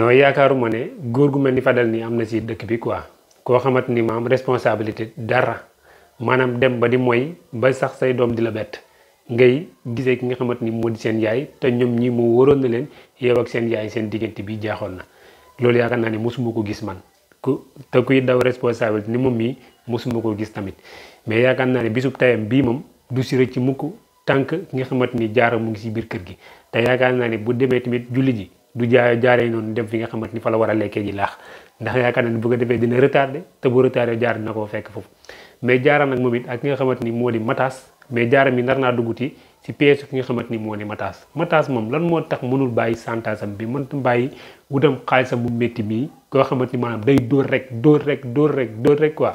yaakaaru yaakaaruma ne góor gu mel ni fadal ni am na si bi quoi koo ni ma am responsabilité dara maanaam dem ba di mooy ba sax say doom di la bett ngay gisee ki nga xamante ni moo di seen yaay te ñoom ñi mu waroon na leen yow ak seen yaay seen diggante bi jaaxoon na loolu yaakaar naa ne ko gis man ku te kuy daw responsabilité ni moom mii musuma ko gis tamit mais yaakaar naa ne bisub tayam bii moom du si rëcc mukk tànk ki nga ni jaara mu ngi si biir kër gi te yaakaar naa ne bu demee tamit julli ji du jaay jaaree noonu dem fi nga xamante ni fa la war a lekkee ji laax ndax yaakaar na ne bu ko defee dina retardé te bu jaar na koo fekk foofu mais jaara nag moom it ak nga xamante ni moo di mataas mais jaara mi nar naa duguti ci pièce ki ni moo di mataas mataas moom lan moo tax mënul bàyyi santaasam bi mënut bàyyi wutam xaalisam bu métti mii koo xamante ni maanaam day dóor rek dóor rek dóor rek dóor rek quoi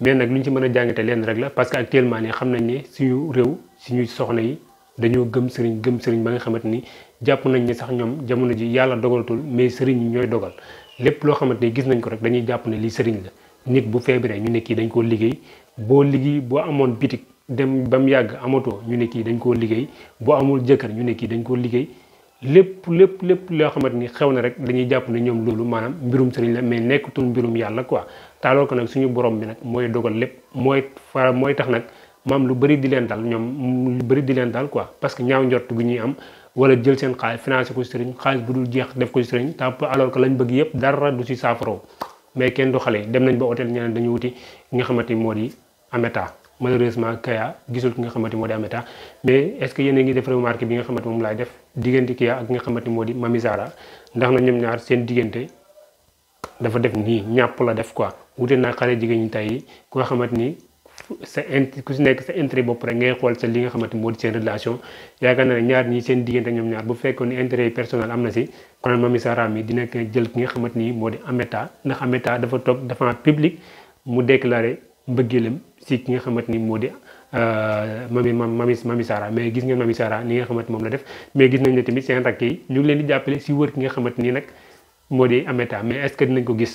mais nag lu ñu ci mën a jàngate leen rek la parce que actuellement nii xam nañ ne suñu réew suñu soxna yi dañoo gëm sëriñ gëm sëriñ ba nga xamante ni jàpp nañ ne sax ñoom jamono ji yàlla dogalatul mais sëriñ ñooy dogal lépp loo xamante ni gis nañ ko rek dañuy jàpp lii sëriñ la nit bu feebaree ñu ne dañ koo liggéey boo liggéey boo amoon bitik dem ba mu yàgg amatoo ñu ne kii dañ koo liggéey boo amul jëkkër ñu ne kii dañ koo liggéey lépp lépp lépp loo xamante ni xew na rek dañuy jàpp ne ñoom loolu maanaam mbirum sëriñ la mais nekkatul mbirum yàlla ko taaloo ko nag suñu borom bi nag mooy dogal lépp mooy fa mooy tax nag Mam lu bari di leen dal ñoom lu bari di leen dal quoi parce que ñaaw bu ñuy am wala jël seen xaal financer ko serigne xaal bu dul jeex def ko serigne tap alors que lañ bëgg yépp dara du ci safro mais kenn du xalé dem nañ ba hôtel ñeneen dañu wuti nga modi ameta malheureusement Kaya gisul ki nga modi ameta mais est ce que yene ngi def remarque bi nga xamante mom lay def digënté Kaya ak nga xamante modi Mami Zara ndax na ñom ñaar seen digënté dafa def ni ñàpp la def quoi wuté na xalé jigéen ñi tay ko ni sa int ku si nekk sa intérêt bopp rek ngay xool sa li nga xamante moo di seen relation yaakaar naa ñaar ñi seen diggante ñoom ñaar bu fekkoon ni intérêt personnel am na si kon Mamy Sarr mi ki nga xamante ni moo di Ameta ndax Ameta dafa toog devant public mu déclaré mbëggeelam si nga xamante ni moo di euh, gis ngeen Mamy Sarr ni nga xamante moom la def mais gis nañ ne tamit seen rakk yi ñu leen di jàppale si wër ki nga xamante ni nag moo di Ameta mais est-ce ko gis.